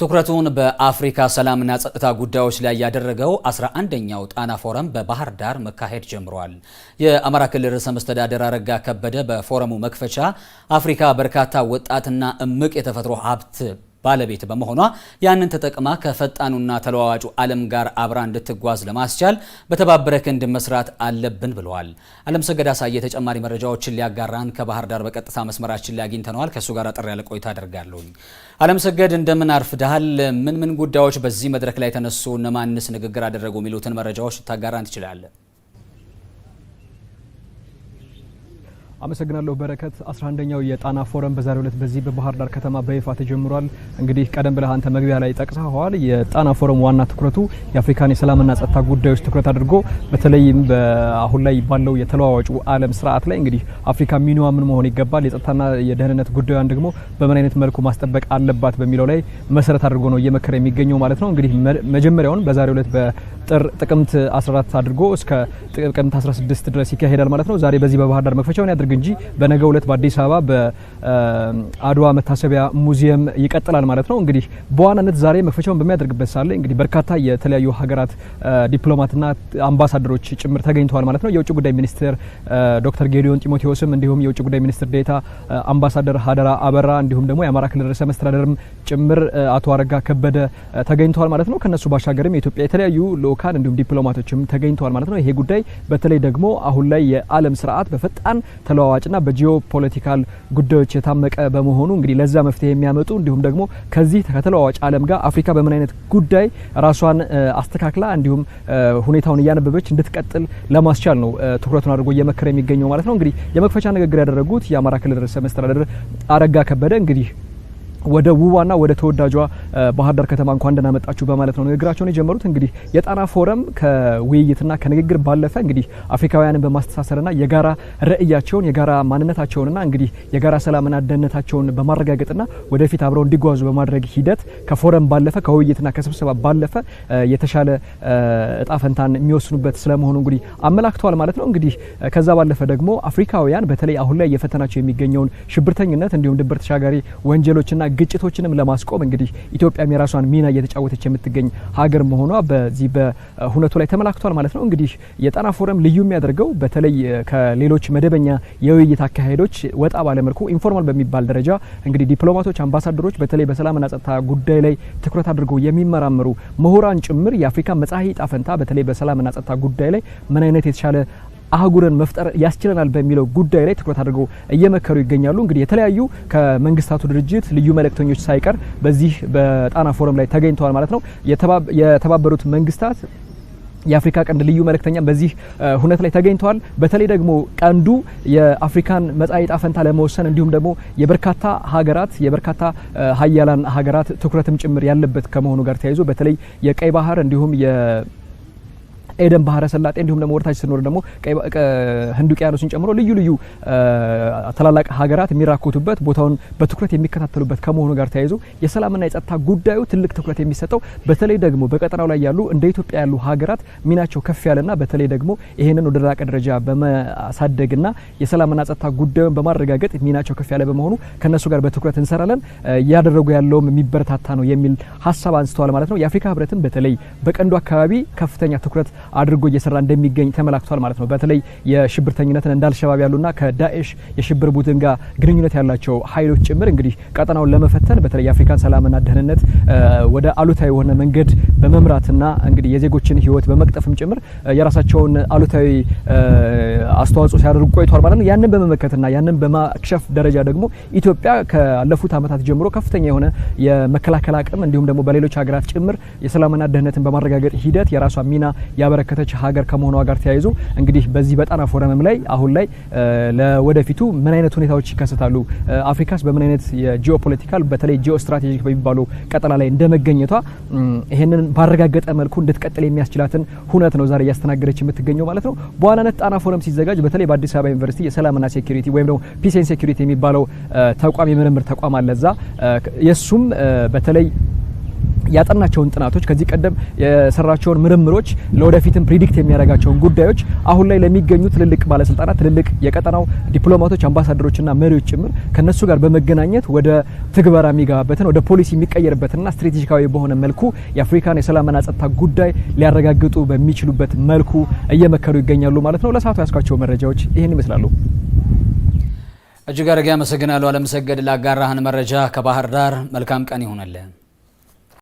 ትኩረቱን በአፍሪካ ሰላምና ጸጥታ ጉዳዮች ላይ ያደረገው 11ኛው ጣና ፎረም በባህር ዳር መካሄድ ጀምሯል። የአማራ ክልል ርዕሰ መስተዳደር አረጋ ከበደ በፎረሙ መክፈቻ አፍሪካ በርካታ ወጣትና እምቅ የተፈጥሮ ሀብት ባለቤት በመሆኗ ያንን ተጠቅማ ከፈጣኑና ተለዋዋጩ ዓለም ጋር አብራ እንድትጓዝ ለማስቻል በተባበረ ክንድ መስራት አለብን ብለዋል። አለም ሰገድ አሳየ ተጨማሪ መረጃዎችን ሊያጋራን ከባህር ዳር በቀጥታ መስመራችን ላይ አግኝተነዋል። ከእሱ ጋር አጠር ያለ ቆይታ አደርጋለሁኝ። አለም ሰገድ እንደምን አርፍደሃል? ምን ምን ጉዳዮች በዚህ መድረክ ላይ ተነሱ? እነማንስ ንግግር አደረጉ? የሚሉትን መረጃዎች ልታጋራን ትችላለን? አመሰግናለሁ በረከት። 11ኛው የጣና ፎረም በዛሬው ዕለት በዚህ በባህር ዳር ከተማ በይፋ ተጀምሯል። እንግዲህ ቀደም ብለህ አንተ መግቢያ ላይ ጠቅሰዋል። የጣና ፎረም ዋና ትኩረቱ የአፍሪካን የሰላምና ጸጥታ ጉዳዮች ትኩረት አድርጎ በተለይም አሁን ላይ ባለው የተለዋዋጩ ዓለም ስርዓት ላይ እንግዲህ አፍሪካ ሚኒዋ ምን መሆን ይገባል፣ የጸጥታና የደህንነት ጉዳዩን ደግሞ በምን አይነት መልኩ ማስጠበቅ አለባት በሚለው ላይ መሰረት አድርጎ ነው እየመከረ የሚገኘው ማለት ነው። እንግዲህ መጀመሪያውን በዛሬው ዕለት በጥር ጥቅምት 14 አድርጎ እስከ ጥቅምት 16 ድረስ ይካሄዳል ማለት ነው። ዛሬ በዚህ በባህር ዳር መክፈቻውን ያድርግ እንጂ በነገው ዕለት በአዲስ አበባ በአድዋ መታሰቢያ ሙዚየም ይቀጥላል ማለት ነው። እንግዲህ በዋናነት ዛሬ መክፈቻውን በሚያደርግበት ሳለ እንግዲህ በርካታ የተለያዩ ሀገራት ዲፕሎማትና አምባሳደሮች ጭምር ተገኝተዋል ማለት ነው። የውጭ ጉዳይ ሚኒስትር ዶክተር ጌዲዮን ጢሞቴዎስም እንዲሁም የውጭ ጉዳይ ሚኒስትር ዴታ አምባሳደር ሀደራ አበራ እንዲሁም ደግሞ የአማራ ክልል ርዕሰ መስተዳደርም ጭምር አቶ አረጋ ከበደ ተገኝተዋል ማለት ነው። ከነሱ ባሻገርም የኢትዮጵያ የተለያዩ ልኡካን እንዲሁም ዲፕሎማቶችም ተገኝተዋል ማለት ነው። ይሄ ጉዳይ በተለይ ደግሞ አሁን ላይ የዓለም ስርዓት በፈጣን ተለ ተለዋዋጭና በጂኦ ፖለቲካል ጉዳዮች የታመቀ በመሆኑ እንግዲህ ለዛ መፍትሄ የሚያመጡ እንዲሁም ደግሞ ከዚህ ከተለዋዋጭ ዓለም ጋር አፍሪካ በምን አይነት ጉዳይ ራሷን አስተካክላ እንዲሁም ሁኔታውን እያነበበች እንድትቀጥል ለማስቻል ነው ትኩረቱን አድርጎ እየመከረ የሚገኘው ማለት ነው። እንግዲህ የመክፈቻ ንግግር ያደረጉት የአማራ ክልል ርዕሰ መስተዳደር አረጋ ከበደ እንግዲህ ወደ ውባና ወደ ተወዳጇ ባህር ዳር ከተማ እንኳን ደህና መጣችሁ በማለት ነው ንግግራቸውን የጀመሩት። እንግዲህ የጣና ፎረም ከውይይትና ከንግግር ባለፈ እንግዲህ አፍሪካውያንን በማስተሳሰርና የጋራ ርዕያቸውን የጋራ ማንነታቸውንና እንግዲህ የጋራ ሰላምና ደህንነታቸውን በማረጋገጥና ወደፊት አብረው እንዲጓዙ በማድረግ ሂደት ከፎረም ባለፈ ከውይይትና ከስብሰባ ባለፈ የተሻለ እጣ ፈንታን የሚወስኑበት ስለመሆኑ እንግዲህ አመላክተዋል ማለት ነው። እንግዲህ ከዛ ባለፈ ደግሞ አፍሪካውያን በተለይ አሁን ላይ እየፈተናቸው የሚገኘውን ሽብርተኝነት እንዲሁም ድንበር ተሻጋሪ ወንጀሎችና ግጭቶችንም ለማስቆም እንግዲህ ኢትዮጵያም የራሷን ሚና እየተጫወተች የምትገኝ ሀገር መሆኗ በዚህ በሁነቱ ላይ ተመላክቷል ማለት ነው። እንግዲህ የጣና ፎረም ልዩ የሚያደርገው በተለይ ከሌሎች መደበኛ የውይይት አካሄዶች ወጣ ባለመልኩ ኢንፎርማል በሚባል ደረጃ እንግዲህ ዲፕሎማቶች፣ አምባሳደሮች በተለይ በሰላምና ጸጥታ ጉዳይ ላይ ትኩረት አድርገው የሚመራመሩ ምሁራን ጭምር የአፍሪካ መጻኢ ዕጣ ፈንታ በተለይ በሰላምና ጸጥታ ጉዳይ ላይ ምን አይነት የተሻለ አህጉረን መፍጠር ያስችለናል በሚለው ጉዳይ ላይ ትኩረት አድርገው እየመከሩ ይገኛሉ። እንግዲህ የተለያዩ ከመንግስታቱ ድርጅት ልዩ መልእክተኞች ሳይቀር በዚህ በጣና ፎረም ላይ ተገኝተዋል ማለት ነው። የተባበሩት መንግስታት የአፍሪካ ቀንድ ልዩ መልእክተኛ በዚህ ሁነት ላይ ተገኝተዋል። በተለይ ደግሞ ቀንዱ የአፍሪካን መጻኢ ዕጣ ፈንታ ለመወሰን እንዲሁም ደግሞ የበርካታ ሀገራት የበርካታ ሀያላን ሀገራት ትኩረትም ጭምር ያለበት ከመሆኑ ጋር ተያይዞ በተለይ የቀይ ባህር እንዲሁም ኤደን ባህረ ሰላጤ እንዲሁም ደግሞ ወደታች ስንወር ደግሞ ህንድ ውቅያኖስን ጨምሮ ልዩ ልዩ ታላላቅ ሀገራት የሚራኮቱበት ቦታውን በትኩረት የሚከታተሉበት ከመሆኑ ጋር ተያይዞ የሰላምና የጸጥታ ጉዳዩ ትልቅ ትኩረት የሚሰጠው በተለይ ደግሞ በቀጠናው ላይ ያሉ እንደ ኢትዮጵያ ያሉ ሀገራት ሚናቸው ከፍ ያለና በተለይ ደግሞ ይህንን ወደ ላቀ ደረጃ በማሳደግና የሰላምና ጸጥታ ጉዳዩን በማረጋገጥ ሚናቸው ከፍ ያለ በመሆኑ ከነሱ ጋር በትኩረት እንሰራለን እያደረጉ ያለውም የሚበረታታ ነው የሚል ሀሳብ አንስተዋል ማለት ነው። የአፍሪካ ህብረትም በተለይ በቀንዱ አካባቢ ከፍተኛ ትኩረት አድርጎ እየሰራ እንደሚገኝ ተመላክቷል ማለት ነው። በተለይ የሽብርተኝነትን እንደ አልሸባብ ያሉና ከዳኤሽ የሽብር ቡድን ጋር ግንኙነት ያላቸው ኃይሎች ጭምር እንግዲህ ቀጠናውን ለመፈተን በተለይ የአፍሪካን ሰላምና ደህንነት ወደ አሉታዊ የሆነ መንገድ በመምራትና እንግዲህ የዜጎችን ህይወት በመቅጠፍም ጭምር የራሳቸውን አሉታዊ አስተዋጽኦ ሲያደርጉ ቆይቷል ማለት ነው። ያንን በመመከትና ያንን በማክሸፍ ደረጃ ደግሞ ኢትዮጵያ ካለፉት ዓመታት ጀምሮ ከፍተኛ የሆነ የመከላከል አቅም እንዲሁም ደግሞ በሌሎች ሀገራት ጭምር የሰላምና ደህንነትን በማረጋገጥ ሂደት የራሷ ሚና ያበረከተች ሀገር ከመሆኗ ጋር ተያይዞ እንግዲህ በዚህ በጣና ፎረምም ላይ አሁን ላይ ለወደፊቱ ምን አይነት ሁኔታዎች ይከሰታሉ፣ አፍሪካስ በምን አይነት የጂኦፖለቲካል በተለይ ጂኦ ስትራቴጂክ በሚባሉ ቀጠና ላይ እንደመገኘቷ ይህንን ባረጋገጠ መልኩ እንድትቀጥል የሚያስችላትን ሁነት ነው ዛሬ እያስተናገደች የምትገኘው ማለት ነው። በዋናነት ጣና ፎረም ሲዘጋጅ በተለይ በአዲስ አበባ ዩኒቨርሲቲ የሰላምና ሴኩሪቲ ወይም ደግሞ ፒስ ኤንድ ሴኩሪቲ የሚባለው ተቋም የምርምር ተቋም አለ እዛ የእሱም በተለይ ያጠናቸውን ጥናቶች ከዚህ ቀደም የሰራቸውን ምርምሮች ለወደፊትም ፕሪዲክት የሚያደርጋቸውን ጉዳዮች አሁን ላይ ለሚገኙ ትልልቅ ባለስልጣናት፣ ትልልቅ የቀጠናው ዲፕሎማቶች፣ አምባሳደሮችና መሪዎች ጭምር ከነሱ ጋር በመገናኘት ወደ ትግበራ የሚገባበትን ወደ ፖሊሲ የሚቀየርበትና ስትራቴጂካዊ በሆነ መልኩ የአፍሪካን የሰላምና ጸጥታ ጉዳይ ሊያረጋግጡ በሚችሉበት መልኩ እየመከሩ ይገኛሉ ማለት ነው። ለሰዓቱ ያስኳቸው መረጃዎች ይህን ይመስላሉ። እጅግ አድርጌ አመሰግናለሁ አለምሰገድ ላጋራህን መረጃ ከባህር ዳር። መልካም ቀን ይሆነልህ።